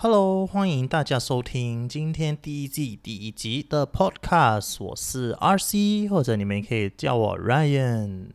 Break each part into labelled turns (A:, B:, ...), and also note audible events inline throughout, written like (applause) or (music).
A: Hello，歡迎大家收聽今天第一季第一集的 Podcast。我是 RC，或者你們也可以叫我 Ryan。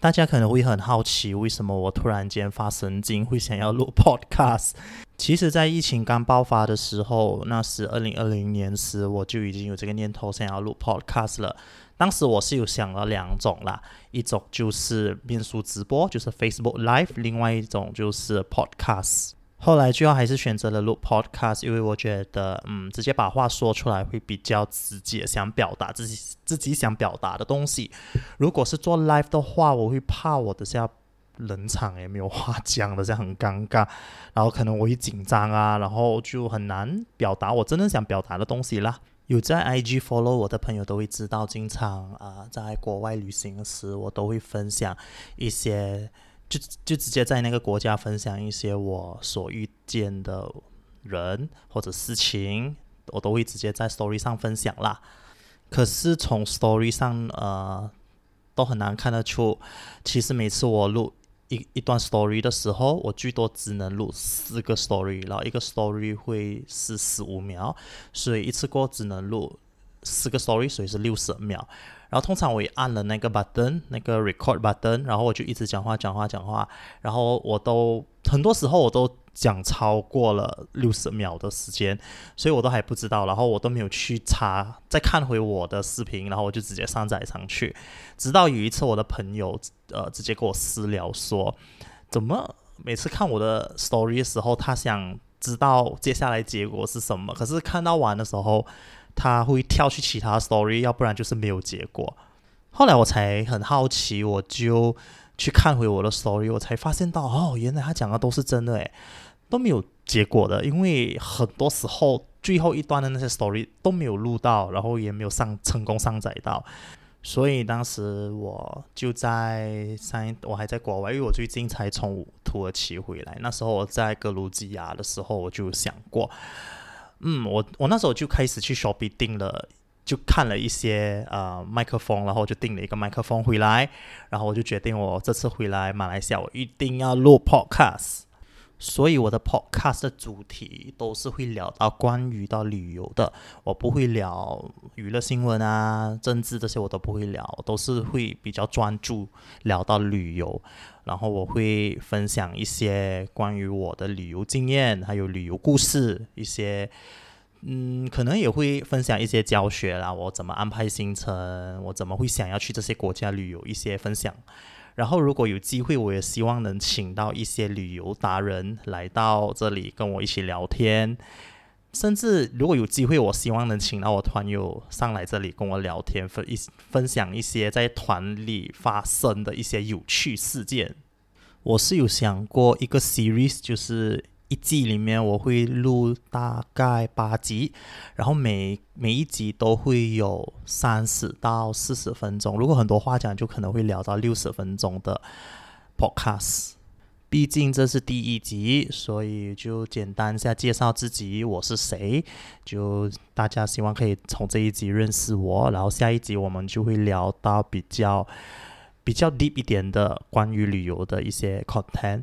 A: 大家可能會很好奇，為什麼我突然間發神經會想要錄 Podcast？其實，在疫情剛爆發的時候，那是二零二零年時，我就已經有這個念頭想要錄 Podcast 了。當時我是有想了兩種啦，一種就是面書直播，就是 Facebook Live，另外一種就是 Podcast。後來最後還是選擇了錄 podcast，因為我覺得，嗯，直接把話說出來會比較直接，想表達自己自己想表達的東西。如果是做 live 的話，我會怕我等下冷場，也沒有話講的，這樣很尷尬。然後可能我一緊張啊，然後就很難表達我真的想表達的東西啦。有在 IG follow 我的朋友都會知道，經常啊，在國外旅行時，我都會分享一些。就就直接在那個國家分享一些我所遇見的人或者事情，我都會直接在 story 上分享啦。可是從 story 上，呃，都很難看得出。其實每次我錄一一段 story 的時候，我最多只能錄四個 story，然後一個 story 會是十五秒，所以一次過只能錄。四個 story，所以是六十秒。然後通常我也按了那個 button，那個 record button，然後我就一直講話，講話，講話。然後我都很多時候我都講超過了六十秒的時間，所以我都還不知道，然後我都沒有去查，再看回我的視頻，然後我就直接上載上去。直到有一次我的朋友呃直接跟我私聊說，怎麼每次看我的 story 的時候，他想知道接下來結果是什麼，可是看到完的時候。他會跳去其他 story，要不然就是沒有結果。後來我才很好奇，我就去看回我的 story，我才發現到哦，原來他講的都是真的誒，都沒有結果的。因為很多時候最後一段的那些 story 都沒有錄到，然後也沒有上成功上載到。所以當時我就在上一，我還在國外，因為我最近才從土耳其回來。那時候我在格魯吉亞的時候，我就想過。嗯，我我那時候就開始去 Shopee 訂了，就看了一些呃麥克風，然後就訂了一個麥克風回來，然後我就決定我這次回來馬來西亞，我一定要錄 Podcast。所以我的 podcast 的主題都是會聊到關於到旅遊的，我不會聊娛樂新聞啊、政治這些我都不會聊，都是會比較專注聊到旅遊。然後我會分享一些關於我的旅遊經驗，還有旅遊故事，一些嗯，可能也會分享一些教學啦，我怎麼安排行程，我怎麼會想要去這些國家旅遊，一些分享。然後，如果有機會，我也希望能請到一些旅遊達人來到這裡跟我一起聊天。甚至如果有機會，我希望能請到我團友上來這裡跟我聊天，分一分享一些在團裡發生的一些有趣事件。我是有想過一個 series，就是。一季裡面我會錄大概八集，然後每每一集都會有三十到四十分鐘，如果很多話講，就可能會聊到六十分鐘的 podcast。畢竟這是第一集，所以就簡單一下介紹自己，我是誰，就大家希望可以從這一集認識我，然後下一集我們就會聊到比較比較 deep 一點的關於旅遊的一些 content。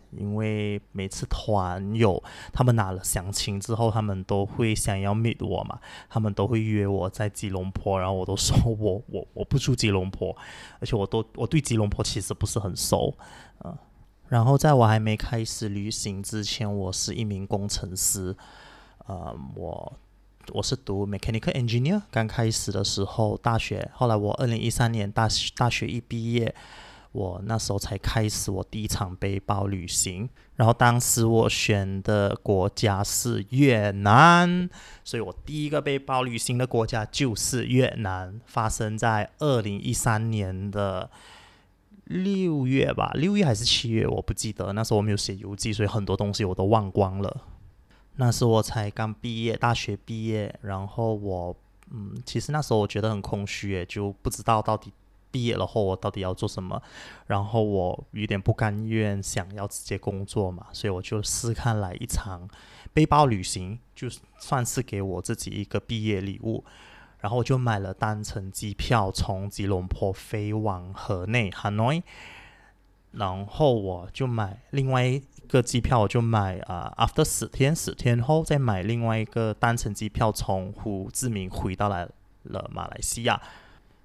A: 因為每次團友他們拿了詳情之後，他們都會想要 meet 我嘛，他們都會約我在吉隆坡，然後我都說我我我不住吉隆坡，而且我都我對吉隆坡其實不是很熟，嗯，然後在我還沒開始旅行之前，我是一名工程師，嗯，我我是讀 mechanical engineer，剛開始的時候大學，後來我二零一三年大大學一畢業。我那時候才開始我第一場背包旅行，然後當時我選的國家是越南，所以我第一個背包旅行的國家就是越南，發生在二零一三年的六月吧，六月還是七月我不記得，那時候我沒有寫遊記，所以很多東西我都忘光了。那時候我才剛畢業，大學畢業，然後我嗯，其實那時候我覺得很空虛，就不知道到底。畢業了後，我到底要做什麼？然後我有點不甘願，想要直接工作嘛，所以我就試看來一場背包旅行，就算是給我自己一個畢業禮物。然後我就買了單程機票從吉隆坡飛往河內，Hanoi，然後我就買另外一個機票，我就買啊，uh, after 十天，十天後再買另外一個單程機票從胡志明回到來了馬來西亞。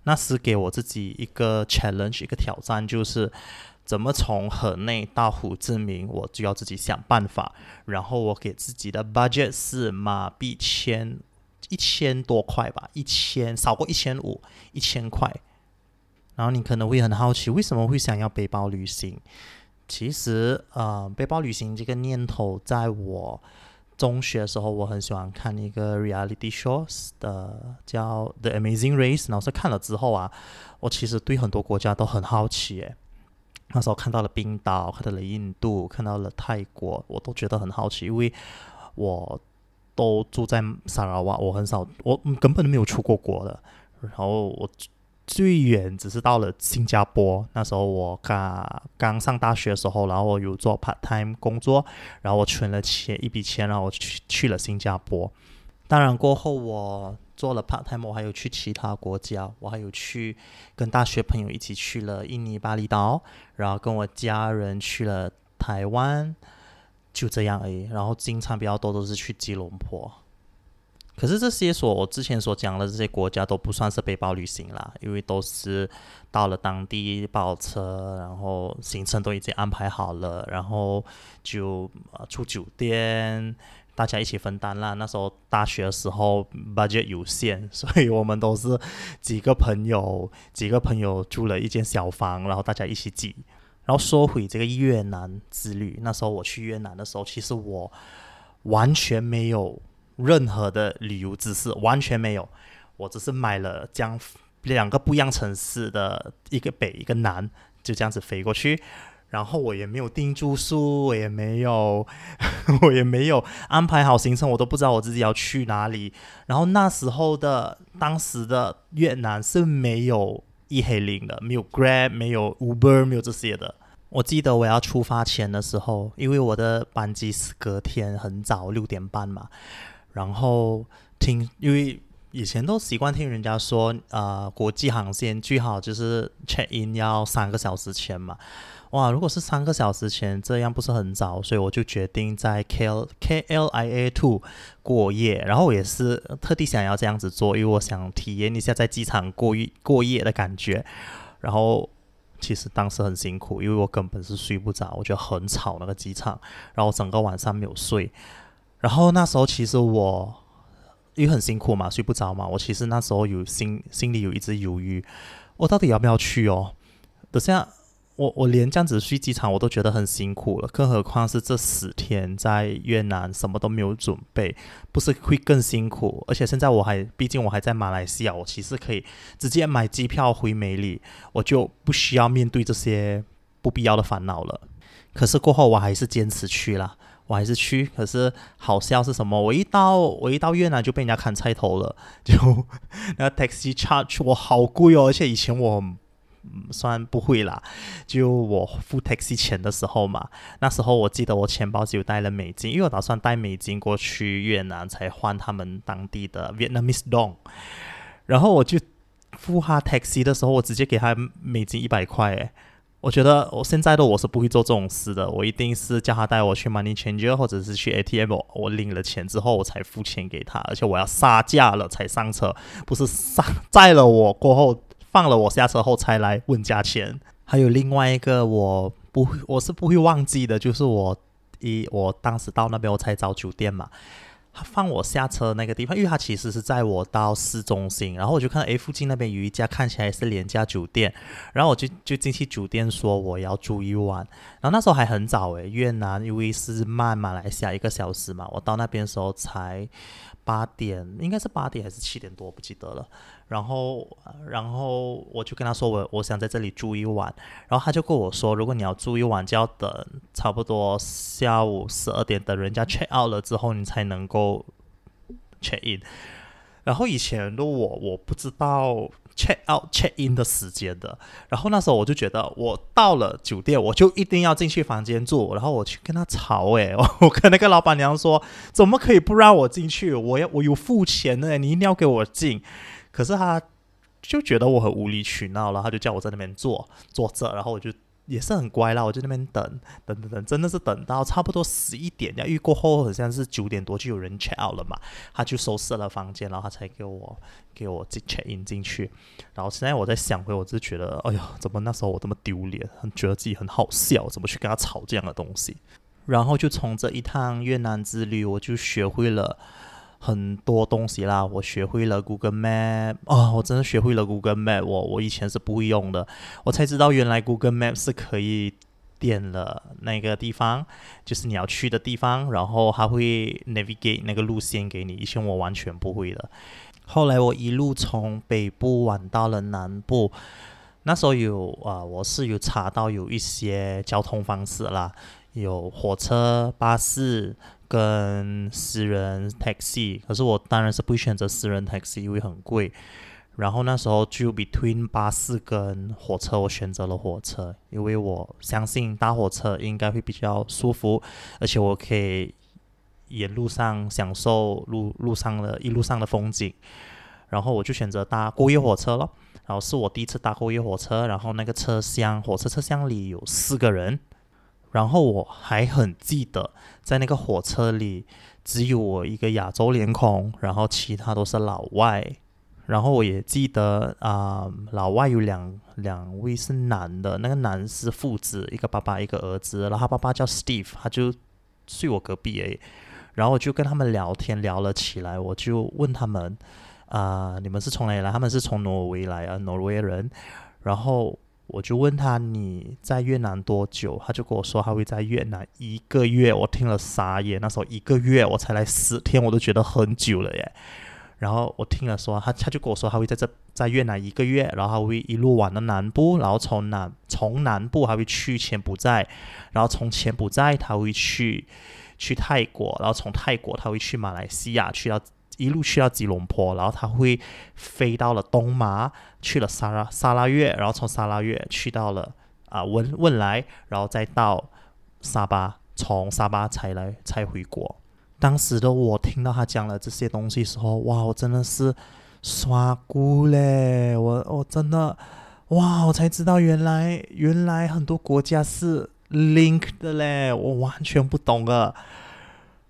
A: 那是給我自己一個 challenge，一個挑戰，就是怎麼從河內到胡志明，我就要自己想辦法。然後我給自己的 budget 是馬幣千一千多塊吧，一千少過一千五，一千塊。然後你可能會很好奇，為什麼會想要背包旅行？其實，呃，背包旅行這個念頭在我。中學的時候，我很喜歡看一個 reality shows 的，叫《The Amazing Race》。然後看了之後啊，我其實對很多國家都很好奇。哎，那時候看到了冰島，看到了印度，看到了泰國，我都覺得很好奇，因為我都住在薩拉瓦，我很少，我根本就沒有出過國的。然後我。最遠只是到了新加坡，那時候我剛剛上大學的時候，然後我有做 part time 工作，然後我存了錢一筆錢，然後我去去了新加坡。當然過後我做了 part time，我還有去其他國家，我還有去跟大學朋友一起去了印尼巴厘島，然後跟我家人去了台灣，就這樣而已。然後經常比較多都是去吉隆坡。可是這些所我之前所講的這些國家都不算是背包旅行啦，因為都是到了當地包車，然後行程都已經安排好了，然後就、呃、住酒店，大家一起分擔啦。那時候大學的時候，budget 有限，所以我們都是幾個朋友，幾個朋友住了一間小房，然後大家一起擠。然後說回這個越南之旅，那時候我去越南的時候，其實我完全沒有。任何的旅遊知識完全沒有，我只是買了將兩個不一樣城市的一個北一個南，就這樣子飛過去，然後我也沒有訂住宿，我也沒有，我也沒有安排好行程，我都不知道我自己要去哪裡。然後那時候的當時的越南是沒有一黑零的，沒有 Grab，沒有 Uber，沒有這些的。我記得我要出發前的時候，因為我的班機是隔天很早六點半嘛。然後聽，因為以前都習慣聽人家說，呃，國際航線最好就是 check in 要三個小時前嘛。哇，如果是三個小時前，這樣不是很早？所以我就決定在 KL KLIA2 過夜。然後我也是特地想要這樣子做，因為我想體驗一下在機場過夜過夜的感覺。然後其實當時很辛苦，因為我根本是睡不着，我覺得很吵那個機場，然後整個晚上沒有睡。然後那時候其實我也很辛苦嘛，睡不着嘛。我其實那時候有心心裡有一直猶豫，我到底要不要去哦？等下我，我連這樣子去機場我都覺得很辛苦了，更何況是這十天在越南什麼都沒有準備，不是會更辛苦？而且現在我還，畢竟我還在馬來西亞，我其實可以直接買機票回美里，我就不需要面對這些不必要的煩惱了。可是過後我還是堅持去了。我還是去，可是好笑是什麼？我一到我一到越南就被人家砍菜頭了，就那個、taxi charge 我好貴哦，而且以前我、嗯、算不會啦，就我付 taxi 錢的時候嘛，那時候我記得我錢包只有帶了美金，因為我打算帶美金過去越南才換他們當地的 Vietnamese dong，然後我就付他 taxi 的時候，我直接給他美金一百塊，哎我覺得我現在的我是不會做這種事的，我一定是叫他帶我去 money changer 或者是去 ATM，我，我領了錢之後我才付錢給他，而且我要殺價了才上車，不是殺載了我過後放了我下車後才來問價錢。還有另外一個，我不我是不會忘記的，就是我一我當時到那邊我才找酒店嘛。他放我下車的那個地方，因為他其實是載我到市中心，然後我就看到 A 附近那邊有一家看起來是廉價酒店，然後我就就進去酒店說我要住一晚，然後那時候還很早誒，越南因為是慢馬來西亞一個小時嘛，我到那邊的時候才。八點，應該是八點還是七點多，不記得了。然後，然後我就跟他說我我想在這裡住一晚，然後他就跟我說，如果你要住一晚就要等差不多下午十二點，等人家 check out 了之後你才能夠 check in。然後以前的我我不知道 check out check in 的時間的，然後那時候我就覺得我到了酒店，我就一定要進去房間住，然後我去跟他吵，誒，我跟那個老闆娘說，怎麼可以不讓我進去？我要我有付錢呢，你一定要給我進。可是他就覺得我很無理取鬧，然後他就叫我在那邊坐坐着，然後我就。也是很乖啦，我就在那邊等等等等，真的是等到差不多十一點，然後過後好像是九點多就有人 check out 了嘛，他就收拾了房間，然後他才給我給我進 check in 進去，然後現在我在想回，我就覺得，哎呀，怎麼那時候我這麼丟臉，很覺得自己很好笑，怎麼去跟他吵這樣的東西，然後就從這一趟越南之旅，我就學會了。很多東西啦，我學會了 Google Map 哦，我真的學會了 Google Map，我我以前是不會用的，我才知道原來 Google Map 是可以點了那個地方，就是你要去的地方，然後它會 navigate 那個路線給你，以前我完全不會的。後來我一路從北部玩到了南部，那時候有啊，我是有查到有一些交通方式啦，有火車、巴士。跟私人 taxi，可是我當然是不選擇私人 taxi，因為很貴。然後那時候就 between 巴士跟火車，我選擇了火車，因為我相信搭火車應該會比較舒服，而且我可以沿路上享受路路上的一路上的風景。然後我就選擇搭過夜火車咯，然後是我第一次搭過夜火車，然後那個車廂火車車廂裡有四個人。然後我還很記得，在那個火車裡只有我一個亞洲臉孔，然後其他都是老外。然後我也記得啊、呃，老外有兩兩位是男的，那個男是父子，一個爸爸一個兒子。然後他爸爸叫 Steve，他就睡我隔壁誒。然後我就跟他們聊天聊了起來，我就問他們啊、呃，你們是從哪裡來？他們是從挪威來啊，挪威人。然後我就問他你在越南多久？他就跟我說他會在越南一個月，我聽了傻眼。那時候一個月我才來十天，我都覺得很久了耶。然後我聽了說他，他就跟我說他會在這在越南一個月，然後他會一路玩到南部，然後從南從南部他會去柬埔寨，然後從柬埔寨他會去去泰國，然後從泰國他會去馬來西亞，去到，一路去到吉隆坡，然後他會飛到了東馬，去了沙拉沙拉越，然後從沙拉越去到了啊、呃、汶汶萊，然後再到沙巴，從沙巴才來才回國、嗯。當時的我聽到他講了這些東西時候，哇，我真的是刷菇嘞！我我真的，哇，我才知道原來原來很多國家是 link 的嘞，我完全不懂啊。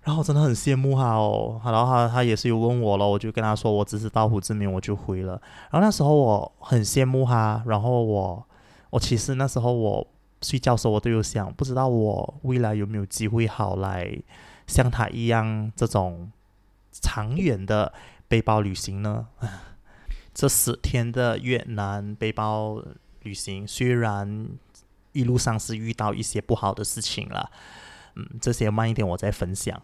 A: 然、啊、後，真的很羨慕他哦，然後他他也是有問我了，我就跟他說我只是到胡志明，我就回了。然後那時候我很羨慕他，然後我我其實那時候我睡覺的時候我都有想，不知道我未來有沒有機會好來像他一樣這種長遠的背包旅行呢？ (laughs) 這十天的越南背包旅行，雖然一路上是遇到一些不好的事情了。嗯，這些慢一點，我再分享。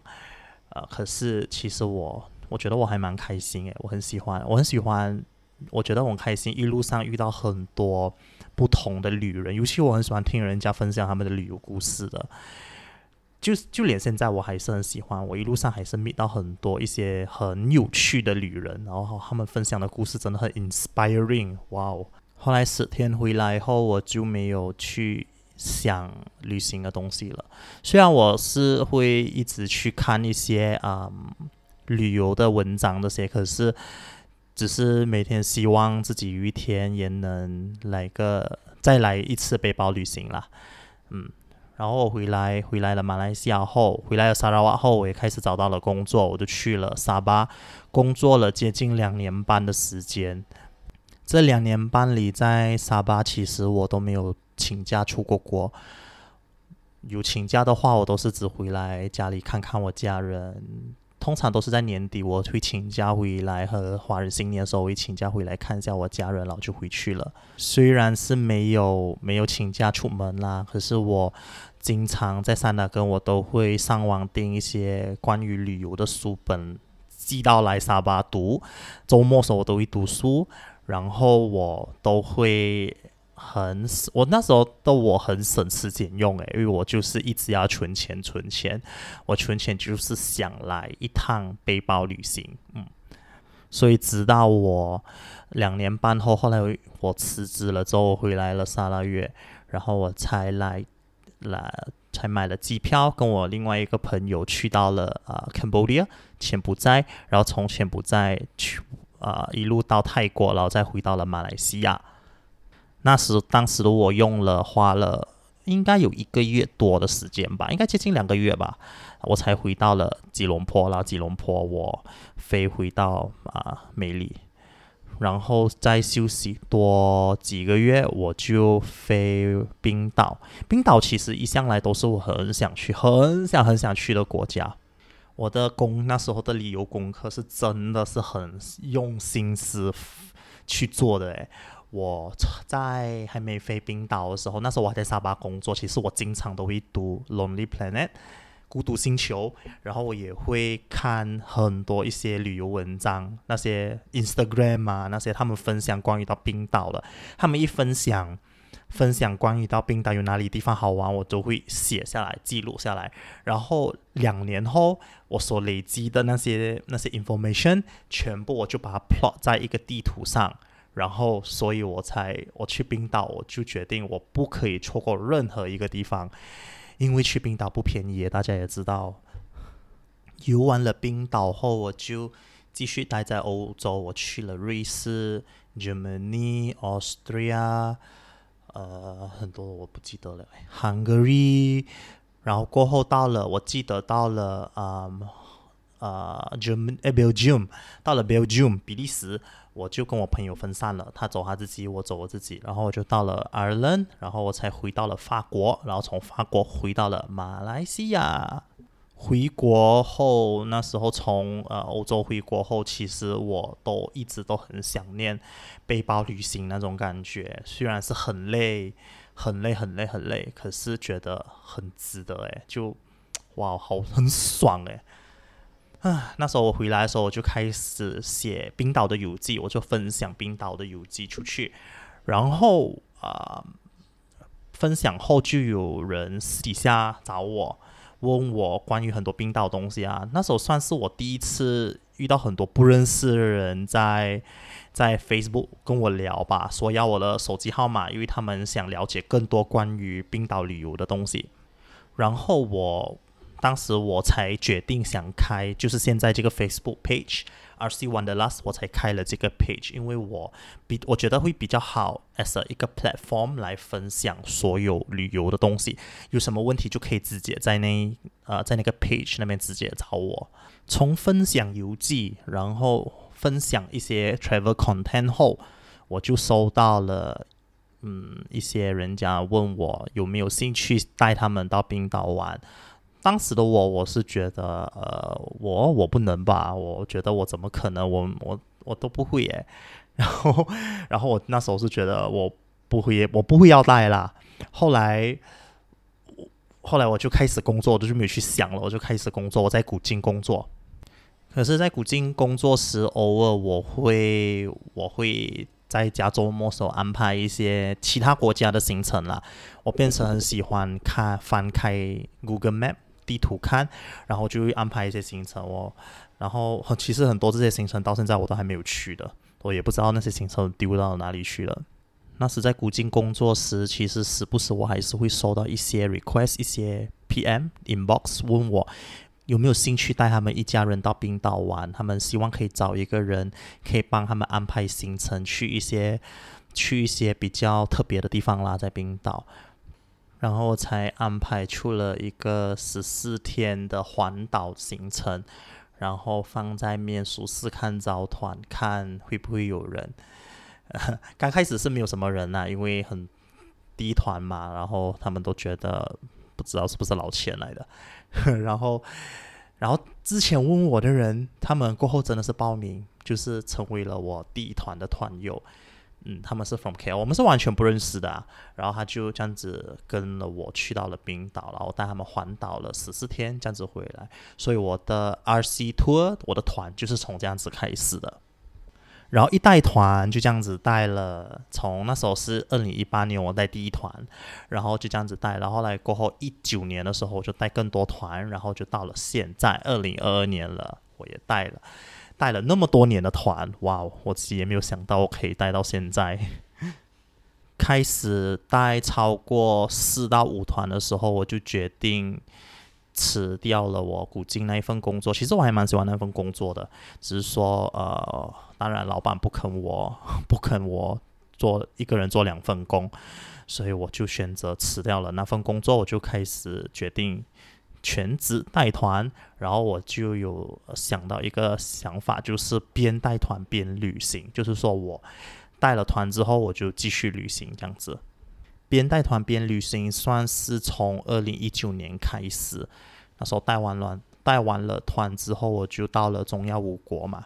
A: 呃，可是其實我，我覺得我還蠻開心誒，我很喜歡，我很喜歡，我覺得我開心。一路上遇到很多不同的旅人，尤其我很喜歡聽人家分享他們的旅遊故事的。就就連現在，我還是很喜歡。我一路上還是遇到很多一些很有趣的旅人，然後他們分享的故事真的很 inspiring。哇哦！後來十天回來後，我就沒有去。想旅行的東西了。雖然我是會一直去看一些啊、嗯、旅遊的文章這些，可是只是每天希望自己有一天也能來個再來一次背包旅行了。嗯，然後我回來回來了馬來西亞後，回來了砂拉越後，我也開始找到了工作，我就去了沙巴，工作了接近兩年半的時間。這兩年半裡在沙巴，其實我都沒有。請假出過國，國，有請假的話，我都是只回來家裡看看我家人。通常都是在年底，我會請假回來和華人新年的時候，我會請假回來看一下我家人，然後就回去了。雖然是沒有沒有請假出門啦，可是我經常在山打根，我都會上網訂一些關於旅遊的書本寄到來沙巴讀。周末時候我都會讀書，然後我都會。很，我那時候的我很省吃儉用誒，因為我就是一直要存錢存錢，我存錢就是想來一趟背包旅行，嗯，所以直到我兩年半後，後來我辭職了之後，我回來了三個月，然後我才來來才買了機票，跟我另外一個朋友去到了啊 Cambodia、呃、柬埔寨，然後從柬埔寨去啊、呃、一路到泰國，然後再回到了馬來西亞。那時，當時的我用了花了應該有一個月多的時間吧，應該接近兩個月吧，我才回到了吉隆坡。然後吉隆坡我飛回到啊，美里，然後再休息多幾個月，我就飛冰島。冰島其實一向來都是我很想去、很想、很想去的國家。我的工那時候的旅遊功課是真的是很用心思去做的誒。我在還沒飛冰島的時候，那時候我還在沙巴工作。其實我經常都會讀《Lonely Planet》孤獨星球，然後我也會看很多一些旅遊文章，那些 Instagram 啊，那些他們分享關於到冰島的，他們一分享分享關於到冰島有哪裡地方好玩，我都會寫下來記錄下來。然後兩年後，我所累積的那些那些 information，全部我就把它 plot 在一個地圖上。然後，所以我才我去冰島，我就決定我不可以錯過任何一個地方，因為去冰島不便宜，大家也知道。遊完了冰島後，我就繼續待在歐洲，我去了瑞士、Germany、Austria，呃，很多我不記得了，Hungary。然後過後到了，我記得到了，嗯，呃，Germany，Belgium，到了 Belgium，比利時。我就跟我朋友分散了，他走他自己，我走我自己，然後我就到了愛爾蘭，然後我才回到了法國，然後從法國回到了馬來西亞。回國後，那時候從呃歐洲回國後，其實我都一直都很想念背包旅行那種感覺，雖然是很累，很累，很累，很累，可是覺得很值得誒，就哇，好很爽誒。啊，那時候我回來的時候，我就開始寫冰島的遊記，我就分享冰島的遊記出去，然後啊、呃，分享後就有人私底下找我，問我關於很多冰島東西啊。那時候算是我第一次遇到很多不認識的人在在 Facebook 跟我聊吧，說要我的手機號碼，因為他們想了解更多關於冰島旅遊的東西。然後我。當時我才決定想開，就是現在這個 Facebook page RC One 的 last 我才開了這個 page，因為我比我覺得會比較好 as a 一個 platform 來分享所有旅遊的東西，有什麼問題就可以直接在那呃在那個 page 那邊直接找我。從分享遊記，然後分享一些 travel content 後，我就收到了嗯一些人家問我有沒有興趣帶他們到冰島玩。當時的我，我是覺得，呃，我我不能吧？我覺得我怎麼可能？我我我都不會耶。然後，然後我那時候是覺得我不會，我不會要帶啦。後來，後來我就開始工作，我就沒去想了。我就開始工作，我在古晉工作。可是，在古晉工作時，偶爾我會我會在家周末時候安排一些其他國家的行程啦。我變成很喜歡看翻開 Google Map。地圖看，然後就會安排一些行程哦。然後其實很多這些行程到現在我都還沒有去的，我也不知道那些行程丟到哪裡去了。那時在古晉工作時，其實時不時我還是會收到一些 request，一些 PM inbox 問我有沒有興趣帶他們一家人到冰島玩。他們希望可以找一個人可以幫他們安排行程去一些去一些比較特別的地方啦，在冰島。然後才安排出了一個十四天的環島行程，然後放在面書試看找團，看會不會有人。剛開始是沒有什麼人吶、啊，因為很低團嘛，然後他們都覺得不知道是不是老千來的。然後，然後之前問，問我的人，他們過後真的是報名，就是成為了我第一團的團友。嗯，他們是 from KL，我們是完全不認識的啊。然後他就這樣子跟了我去到了冰島了，然後帶他們環島了十四天，這樣子回來。所以我的 RC tour，我的團就是從這樣子開始的。然後一帶團就這樣子帶了，從那時候是二零一八年我帶第一團，然後就這樣子帶，然後後來過後一九年的時候我就帶更多團，然後就到了現在二零二二年了，我也帶了。帶了那麼多年的團，哇！我自己也沒有想到我可以帶到現在。開始帶超過四到五團的時候，我就決定辭掉了我古今那一份工作。其實我還蠻喜歡那份工作的，只是說呃，當然老闆不肯我，我不肯我做一個人做兩份工，所以我就選擇辭掉了那份工作，我就開始決定，全職帶團，然後我就有想到一個想法，就是邊帶團邊旅行。就是說我帶了團之後，我就繼續旅行，這樣子。邊帶團邊旅行，算是從二零一九年開始。那時候帶完了，帶完了團之後，我就到了中亞五國嘛，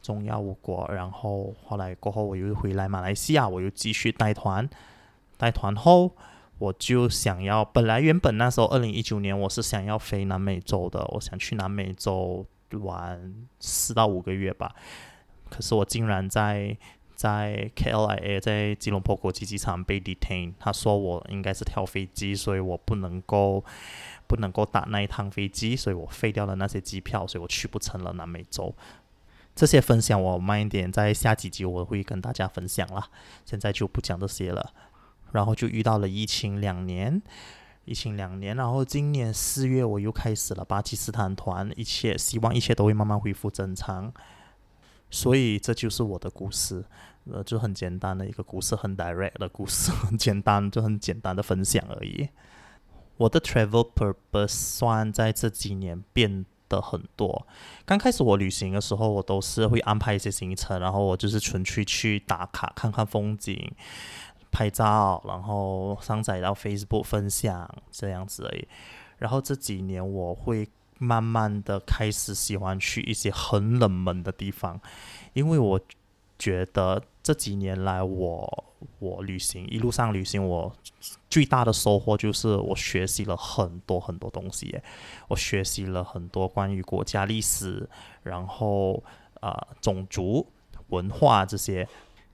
A: 中亞五國。然後後來過後，我又回來馬來西亞，我又繼續帶團。帶團後。我就想要，本來原本那時候二零一九年我是想要飛南美洲的，我想去南美洲玩四到五個月吧。可是我竟然在在 KLIA 在吉隆坡國際機場被 detain，他說我應該是跳飛機，所以我不能夠不能夠打那一趟飛機，所以我廢掉了那些機票，所以我去不成了南美洲。這些分享我慢一點，在下幾集我會跟大家分享啦。現在就不講這些了。然後就遇到了疫情兩年，疫情兩年，然後今年四月我又開始了巴基斯坦團，一切希望一切都會慢慢恢復正常。所以這就是我的故事，呃，就很簡單的一個故事，很 direct 的故事，很簡單，就很簡單的分享而已。我的 travel purpose 算在這幾年變得很多。剛開始我旅行的時候，我都是會安排一些行程，然後我就是純粹去，去打卡，看看風景。拍照，然後上載到 Facebook 分享這樣子而已。然後這幾年，我會慢慢的開始喜歡去一些很冷門的地方，因為我覺得這幾年來我我旅行一路上旅行我，我最大的收穫就是我學習了很多很多東西，我學習了很多關於國家歷史，然後啊、呃、種族文化這些。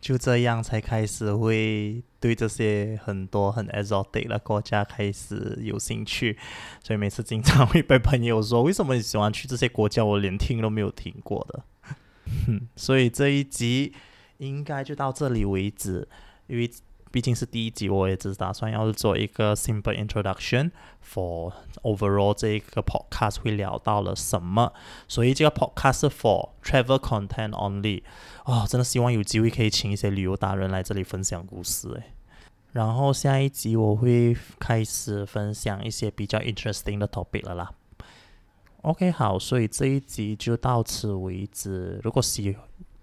A: 就這樣才開始會對這些很多很 exotic 的國家開始有興趣，所以每次經常會被朋友說：“為什麼你喜歡去這些國家？我連聽都沒有聽過的。” (laughs) 嗯，所以這一集應該就到這裡為止，因為。畢竟是第一集，我也只是打算要做一個 simple introduction for overall 這一個 podcast 會聊到了什麼，所以這個 podcast 是 for travel content only。哦，真的希望有機會可以請一些旅遊達人來這裡分享故事誒，然後下一集我會開始分享一些比較 interesting 的 topic 了啦。OK，好，所以這一集就到此為止。如果是